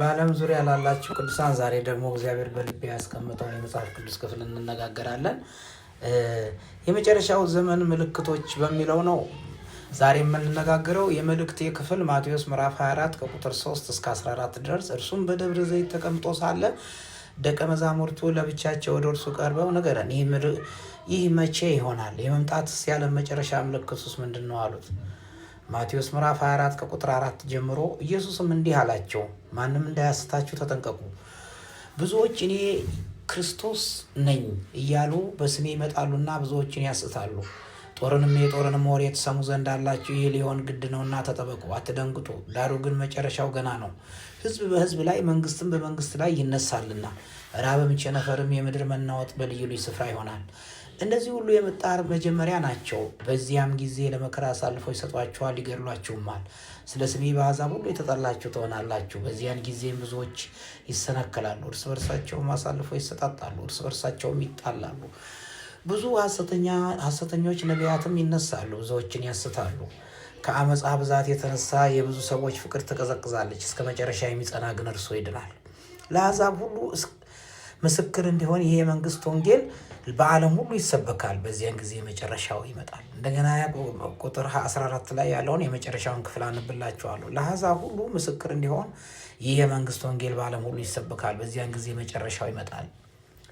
በዓለም ዙሪያ ላላችሁ ቅዱሳን ዛሬ ደግሞ እግዚአብሔር በልቤ ያስቀምጠውን የመጽሐፍ ቅዱስ ክፍል እንነጋገራለን። የመጨረሻው ዘመን ምልክቶች በሚለው ነው ዛሬ የምንነጋገረው። የመልእክቴ ክፍል ማቴዎስ ምዕራፍ 24 ከቁጥር 3 እስከ 14 ድረስ። እርሱም በደብረ ዘይት ተቀምጦ ሳለ ደቀ መዛሙርቱ ለብቻቸው ወደ እርሱ ቀርበው ንገረን፣ ይህ መቼ ይሆናል? የመምጣትስ ያለ መጨረሻ ምልክቱስ ምንድን ነው? አሉት። ማቴዎስ ምዕራፍ 24 ከቁጥር 4 ጀምሮ ኢየሱስም እንዲህ አላቸው፣ ማንም እንዳያስታችሁ ተጠንቀቁ። ብዙዎች እኔ ክርስቶስ ነኝ እያሉ በስሜ ይመጣሉና ብዙዎችን ያስታሉ። ጦርንም የጦርንም ወሬ የተሰሙ ዘንድ አላችሁ። ይህ ሊሆን ግድ ነውና ተጠበቁ፣ አትደንግጡ። ዳሩ ግን መጨረሻው ገና ነው። ሕዝብ በሕዝብ ላይ መንግስትም በመንግስት ላይ ይነሳልና፣ ራብም ቸነፈርም የምድር መናወጥ በልዩ ልዩ ስፍራ ይሆናል። እነዚህ ሁሉ የምጣር መጀመሪያ ናቸው። በዚያም ጊዜ ለመከራ አሳልፈው ይሰጧችኋል፣ ይገድሏችሁማል። ስለ ስሜ በአሕዛብ ሁሉ የተጠላችሁ ትሆናላችሁ። በዚያን ጊዜም ብዙዎች ይሰናከላሉ፣ እርስ በርሳቸውም አሳልፈው ይሰጣጣሉ፣ እርስ በርሳቸውም ይጣላሉ። ብዙ ሐሰተኞች ነቢያትም ይነሳሉ፣ ብዙዎችን ያስታሉ። ከአመፃ ብዛት የተነሳ የብዙ ሰዎች ፍቅር ትቀዘቅዛለች። እስከ መጨረሻ የሚጸና ግን እርሱ ይድናል። ለአሕዛብ ሁሉ ምስክር እንዲሆን ይህ የመንግስት ወንጌል በዓለም ሁሉ ይሰበካል። በዚያን ጊዜ የመጨረሻው ይመጣል። እንደገና ቁጥር 14 ላይ ያለውን የመጨረሻውን ክፍል አንብላችኋለሁ። ለአሕዛብ ሁሉ ምስክር እንዲሆን ይህ የመንግስት ወንጌል በዓለም ሁሉ ይሰበካል። በዚያን ጊዜ መጨረሻው ይመጣል።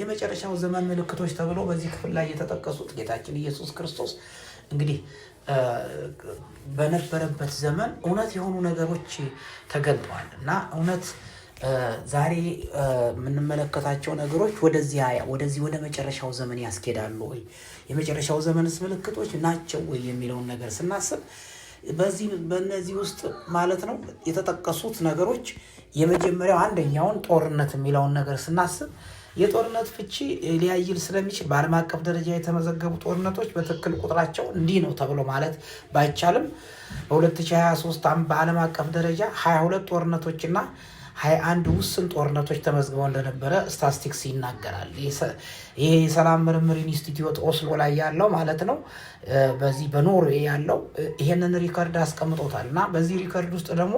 የመጨረሻው ዘመን ምልክቶች ተብሎ በዚህ ክፍል ላይ የተጠቀሱት ጌታችን ኢየሱስ ክርስቶስ እንግዲህ በነበረበት ዘመን እውነት የሆኑ ነገሮች ተገልጠዋል እና እውነት ዛሬ የምንመለከታቸው ነገሮች ወደዚህ ወደዚህ ወደ መጨረሻው ዘመን ያስኬዳሉ ወይ የመጨረሻው ዘመንስ ምልክቶች ናቸው ወይ የሚለውን ነገር ስናስብ በዚህ በእነዚህ ውስጥ ማለት ነው የተጠቀሱት ነገሮች የመጀመሪያው አንደኛውን ጦርነት የሚለውን ነገር ስናስብ የጦርነት ፍቺ ሊያይል ስለሚችል በዓለም አቀፍ ደረጃ የተመዘገቡ ጦርነቶች በትክክል ቁጥራቸው እንዲህ ነው ተብሎ ማለት ባይቻልም በ2023 በዓለም አቀፍ ደረጃ 22 ጦርነቶችና 21 ውስን ጦርነቶች ተመዝግበው እንደነበረ ስታስቲክስ ይናገራል። ይህ የሰላም ምርምር ኢንስቲትዩት ኦስሎ ላይ ያለው ማለት ነው፣ በዚህ በኖርዌ ያለው ይሄንን ሪከርድ አስቀምጦታል። እና በዚህ ሪከርድ ውስጥ ደግሞ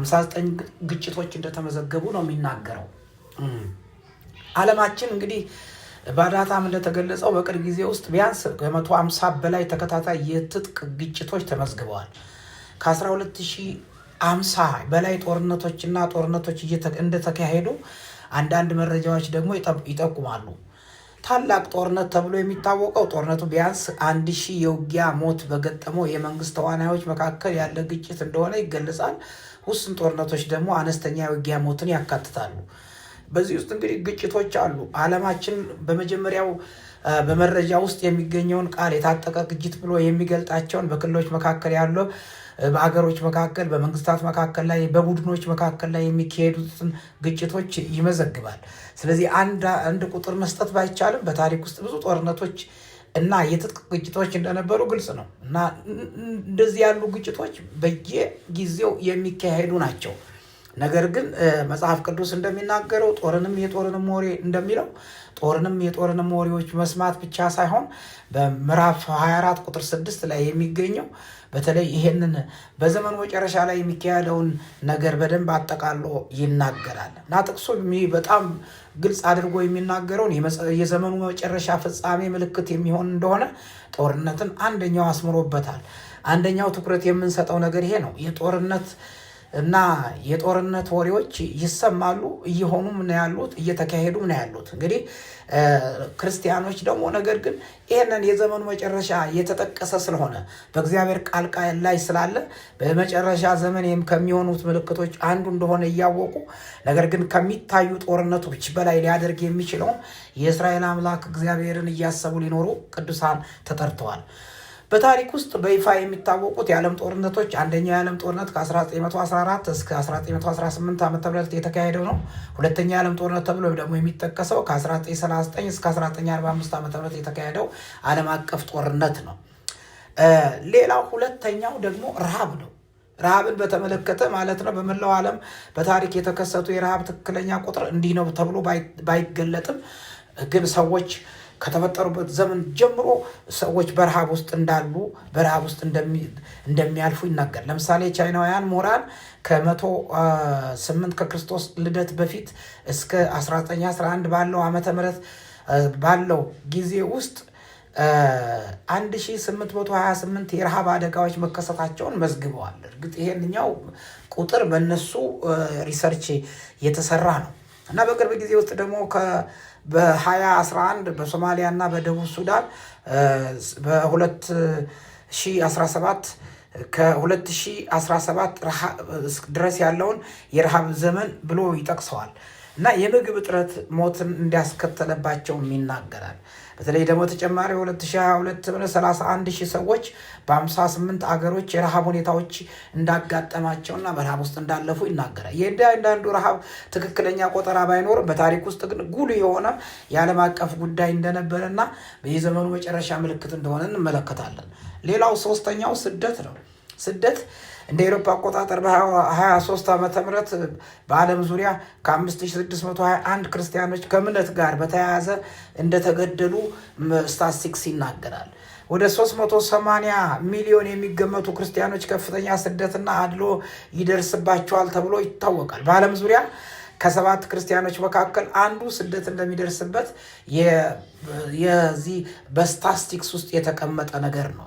59 ግጭቶች እንደተመዘገቡ ነው የሚናገረው። አለማችን እንግዲህ በዳታም እንደተገለጸው በቅርብ ጊዜ ውስጥ ቢያንስ ከ150 በላይ ተከታታይ የትጥቅ ግጭቶች ተመዝግበዋል ከ12 አምሳ በላይ ጦርነቶችና ጦርነቶች እንደተካሄዱ አንዳንድ መረጃዎች ደግሞ ይጠቁማሉ። ታላቅ ጦርነት ተብሎ የሚታወቀው ጦርነቱ ቢያንስ አንድ ሺህ የውጊያ ሞት በገጠመው የመንግስት ተዋናዮች መካከል ያለ ግጭት እንደሆነ ይገለጻል። ውስን ጦርነቶች ደግሞ አነስተኛ የውጊያ ሞትን ያካትታሉ። በዚህ ውስጥ እንግዲህ ግጭቶች አሉ። ዓለማችን በመጀመሪያው በመረጃ ውስጥ የሚገኘውን ቃል የታጠቀ ግጭት ብሎ የሚገልጣቸውን በክልሎች መካከል ያለው በሀገሮች መካከል፣ በመንግስታት መካከል ላይ፣ በቡድኖች መካከል ላይ የሚካሄዱትን ግጭቶች ይመዘግባል። ስለዚህ አንድ ቁጥር መስጠት ባይቻልም በታሪክ ውስጥ ብዙ ጦርነቶች እና የትጥቅ ግጭቶች እንደነበሩ ግልጽ ነው እና እንደዚህ ያሉ ግጭቶች በየጊዜው የሚካሄዱ ናቸው። ነገር ግን መጽሐፍ ቅዱስ እንደሚናገረው ጦርንም የጦርንም ወሬ እንደሚለው ጦርንም የጦርንም ወሬዎች መስማት ብቻ ሳይሆን በምዕራፍ 24 ቁጥር 6 ላይ የሚገኘው በተለይ ይሄንን በዘመኑ መጨረሻ ላይ የሚካሄደውን ነገር በደንብ አጠቃሎ ይናገራል እና ጥቅሱ በጣም ግልጽ አድርጎ የሚናገረውን የዘመኑ መጨረሻ ፍጻሜ ምልክት የሚሆን እንደሆነ ጦርነትን አንደኛው አስምሮበታል። አንደኛው ትኩረት የምንሰጠው ነገር ይሄ ነው። የጦርነት እና የጦርነት ወሬዎች ይሰማሉ፣ እየሆኑም ነው ያሉት፣ እየተካሄዱም ነው ያሉት። እንግዲህ ክርስቲያኖች ደግሞ ነገር ግን ይህንን የዘመኑ መጨረሻ የተጠቀሰ ስለሆነ በእግዚአብሔር ቃል ቃል ላይ ስላለ በመጨረሻ ዘመን ከሚሆኑት ምልክቶች አንዱ እንደሆነ እያወቁ ነገር ግን ከሚታዩ ጦርነቶች በላይ ሊያደርግ የሚችለውን የእስራኤል አምላክ እግዚአብሔርን እያሰቡ ሊኖሩ ቅዱሳን ተጠርተዋል። በታሪክ ውስጥ በይፋ የሚታወቁት የዓለም ጦርነቶች አንደኛው የዓለም ጦርነት ከ1914 እስከ 1918 ዓ ም የተካሄደው ነው። ሁለተኛ የዓለም ጦርነት ተብሎ ደግሞ የሚጠቀሰው ከ1939 እስከ 1945 ዓ ም የተካሄደው ዓለም አቀፍ ጦርነት ነው። ሌላው ሁለተኛው ደግሞ ረሃብ ነው። ረሃብን በተመለከተ ማለት ነው። በመላው ዓለም በታሪክ የተከሰቱ የረሃብ ትክክለኛ ቁጥር እንዲህ ነው ተብሎ ባይገለጥም ግን ሰዎች ከተፈጠሩበት ዘመን ጀምሮ ሰዎች በረሃብ ውስጥ እንዳሉ በረሃብ ውስጥ እንደሚያልፉ ይናገር። ለምሳሌ ቻይናውያን ምሁራን ከመቶ ስምንት ከክርስቶስ ልደት በፊት እስከ 1911 ባለው ዓመተ ምህረት ባለው ጊዜ ውስጥ 1828 የረሃብ አደጋዎች መከሰታቸውን መዝግበዋል። እርግጥ ይሄንኛው ቁጥር በእነሱ ሪሰርች የተሰራ ነው እና በቅርብ ጊዜ ውስጥ ደግሞ በ2011 በሶማሊያ እና በደቡብ ሱዳን በ2017 ከ2017 ድረስ ያለውን የረሃብ ዘመን ብሎ ይጠቅሰዋል እና የምግብ እጥረት ሞትን እንዲያስከተለባቸውም ይናገራል። በተለይ ደግሞ ተጨማሪ 2022 ሺህ ሰዎች በ58 አገሮች የረሃብ ሁኔታዎች እንዳጋጠማቸውና በረሃብ ውስጥ እንዳለፉ ይናገራል። የእያንዳንዱ ረሃብ ትክክለኛ ቆጠራ ባይኖርም በታሪክ ውስጥ ግን ጉልህ የሆነ የዓለም አቀፍ ጉዳይ እንደነበረና በየዘመኑ መጨረሻ ምልክት እንደሆነ እንመለከታለን። ሌላው ሶስተኛው ስደት ነው። ስደት እንደ ኤሮፓ አቆጣጠር በ23 ዓመተ ምህረት በዓለም ዙሪያ ከ5621 ክርስቲያኖች ከእምነት ጋር በተያያዘ እንደተገደሉ ስታስቲክስ ይናገራል። ወደ 380 ሚሊዮን የሚገመቱ ክርስቲያኖች ከፍተኛ ስደትና አድሎ ይደርስባቸዋል ተብሎ ይታወቃል። በዓለም ዙሪያ ከሰባት ክርስቲያኖች መካከል አንዱ ስደት እንደሚደርስበት የዚህ በስታስቲክስ ውስጥ የተቀመጠ ነገር ነው።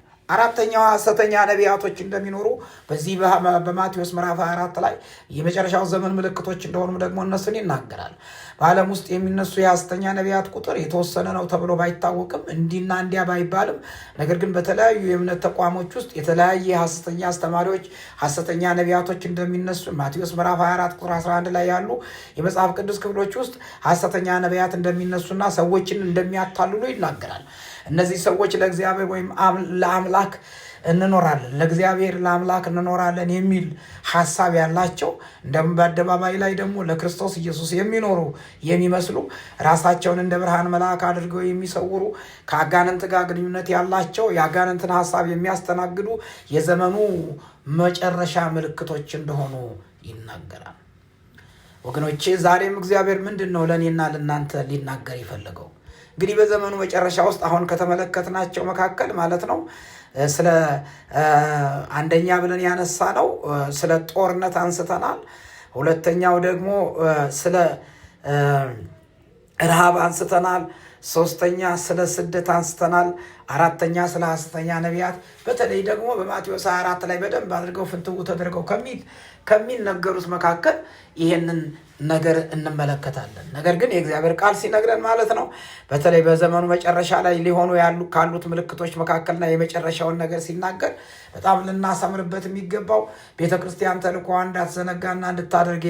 አራተኛው ሐሰተኛ ነቢያቶች እንደሚኖሩ በዚህ በማቴዎስ ምዕራፍ 24 ላይ የመጨረሻው ዘመን ምልክቶች እንደሆኑም ደግሞ እነሱን ይናገራል። በዓለም ውስጥ የሚነሱ የሐሰተኛ ነቢያት ቁጥር የተወሰነ ነው ተብሎ ባይታወቅም እንዲና እንዲያ ባይባልም፣ ነገር ግን በተለያዩ የእምነት ተቋሞች ውስጥ የተለያየ ሐሰተኛ አስተማሪዎች፣ ሐሰተኛ ነቢያቶች እንደሚነሱ ማቴዎስ ምዕራፍ 24 ቁጥር 11 ላይ ያሉ የመጽሐፍ ቅዱስ ክፍሎች ውስጥ ሐሰተኛ ነቢያት እንደሚነሱና ሰዎችን እንደሚያታልሉ ይናገራል። እነዚህ ሰዎች ለእግዚአብሔር ወይም ለአምላክ ለአምላክ እንኖራለን፣ ለእግዚአብሔር ለአምላክ እንኖራለን የሚል ሀሳብ ያላቸው እንደም በአደባባይ ላይ ደግሞ ለክርስቶስ ኢየሱስ የሚኖሩ የሚመስሉ ራሳቸውን እንደ ብርሃን መልአክ አድርገው የሚሰውሩ ከአጋንንት ጋር ግንኙነት ያላቸው የአጋንንትን ሀሳብ የሚያስተናግዱ የዘመኑ መጨረሻ ምልክቶች እንደሆኑ ይናገራል። ወገኖቼ ዛሬም እግዚአብሔር ምንድን ነው ለእኔና ለእናንተ ሊናገር የፈለገው? እንግዲህ በዘመኑ መጨረሻ ውስጥ አሁን ከተመለከትናቸው መካከል ማለት ነው ስለ አንደኛ ብለን ያነሳ ነው ስለ ጦርነት አንስተናል። ሁለተኛው ደግሞ ስለ ረሃብ አንስተናል። ሶስተኛ ስለ ስደት አንስተናል። አራተኛ ስለ ሐሰተኛ ነቢያት በተለይ ደግሞ በማቴዎስ አራት ላይ በደንብ አድርገው ፍንትው ተደርገው ከሚነገሩት መካከል ይህንን ነገር እንመለከታለን። ነገር ግን የእግዚአብሔር ቃል ሲነግረን ማለት ነው በተለይ በዘመኑ መጨረሻ ላይ ሊሆኑ ካሉት ምልክቶች መካከልና የመጨረሻውን ነገር ሲናገር በጣም ልናሰምርበት የሚገባው ቤተ ክርስቲያን እንዳትዘነጋና እንድታደርግ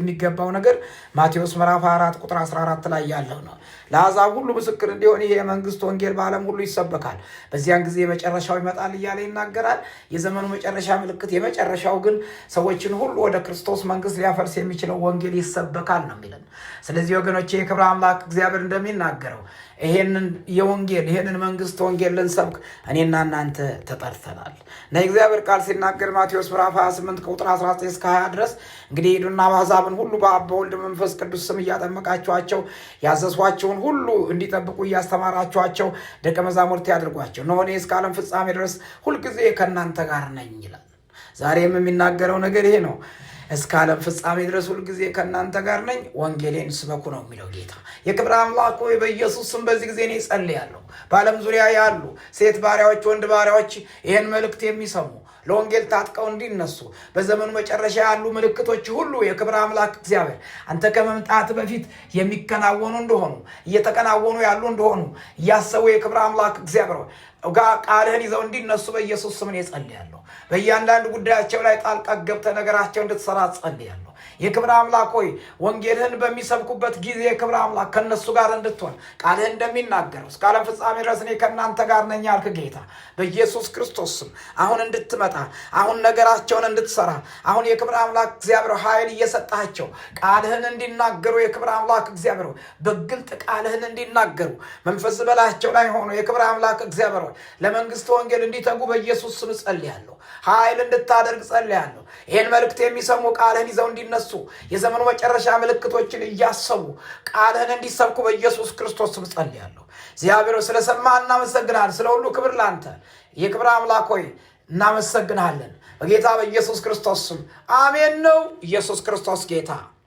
የሚገባው ነገር ማቴዎስ ምዕራፍ 4 ቁጥር 14 ላይ ያለው ነው። ለአሕዛብ ሁሉ ምስክር እንዲሆን ይሄ የመንግስት ወንጌል በዓለም ሁሉ ይሰበካል፣ በዚያን ጊዜ የመጨረሻው ይመጣል እያለ ይናገራል። የዘመኑ መጨረሻ ምልክት፣ የመጨረሻው ግን ሰዎችን ሁሉ ወደ ክርስቶስ መንግስት ሊያፈርስ የሚችለው ወንጌል ይሰበካል ነው የሚለን። ስለዚህ ወገኖቼ የክብረ አምላክ እግዚአብሔር እንደሚናገረው ይሄንን የወንጌል ይሄንን መንግስት ወንጌል ልንሰብክ እኔና እናንተ ተጠርተናል እና የእግዚአብሔር ቃል ሲናገር ማቴዎስ ምዕራፍ 28 ቁጥር 19 እስከ 20 ድረስ እንግዲህ ሂዱና አሕዛብን ሁሉ በአብ በወልድ መንፈስ ቅዱስ ስም እያጠመቃችኋቸው ያዘዝኋቸውን ሁሉ እንዲጠብቁ እያስተማራችኋቸው ደቀ መዛሙርት ያድርጓቸው። እነሆ እኔ እስከ ዓለም ፍጻሜ ድረስ ሁልጊዜ ከእናንተ ጋር ነኝ ይላል። ዛሬም የሚናገረው ነገር ይሄ ነው። እስከ ዓለም ፍጻሜ ድረስ ሁልጊዜ ከእናንተ ጋር ነኝ፣ ወንጌሌን ስበኩ ነው የሚለው ጌታ። የክብር አምላክ ሆይ በኢየሱስ ስም በዚህ ጊዜ እኔ ጸልያለሁ። በዓለም ዙሪያ ያሉ ሴት ባሪያዎች፣ ወንድ ባሪያዎች ይህን መልእክት የሚሰሙ ለወንጌል ታጥቀው እንዲነሱ በዘመኑ መጨረሻ ያሉ ምልክቶች ሁሉ የክብር አምላክ እግዚአብሔር አንተ ከመምጣት በፊት የሚከናወኑ እንደሆኑ እየተከናወኑ ያሉ እንደሆኑ እያሰቡ የክብር አምላክ እግዚአብሔር ጋ ቃልህን ይዘው እንዲነሱ በኢየሱስ ስምን እጸልያለሁ። በእያንዳንድ ጉዳያቸው ላይ ጣልቃ ገብተ ነገራቸው እንድትሰራ ጸልያለሁ። የክብር አምላክ ሆይ ወንጌልህን በሚሰብኩበት ጊዜ የክብር አምላክ ከነሱ ጋር እንድትሆን ቃልህ እንደሚናገረው እስከ ዓለም ፍጻሜ ድረስ እኔ ከእናንተ ጋር ነኝ ያልክ ጌታ በኢየሱስ ክርስቶስ ስም አሁን እንድትመጣ አሁን ነገራቸውን እንድትሰራ አሁን የክብር አምላክ እግዚአብሔር ኃይል እየሰጣቸው ቃልህን እንዲናገሩ የክብር አምላክ እግዚአብሔር በግልጥ ቃልህን እንዲናገሩ መንፈስ በላቸው ላይ ሆኖ የክብር አምላክ እግዚአብሔር ለመንግስት ወንጌል እንዲተጉ በኢየሱስ ስም ጸልያለሁ። ኃይል እንድታደርግ ጸልያለሁ። ይህን መልእክት የሚሰሙ ቃልህን ይዘው እንዲነሱ እያነሱ የዘመኑ መጨረሻ ምልክቶችን እያሰቡ ቃልህን እንዲሰብኩ በኢየሱስ ክርስቶስ ስም ጸልያለሁ። እግዚአብሔር ስለሰማ እናመሰግናል። ስለ ሁሉ ክብር ላንተ የክብር አምላክ ሆይ እናመሰግናለን። በጌታ በኢየሱስ ክርስቶስ ስም አሜን። ነው ኢየሱስ ክርስቶስ ጌታ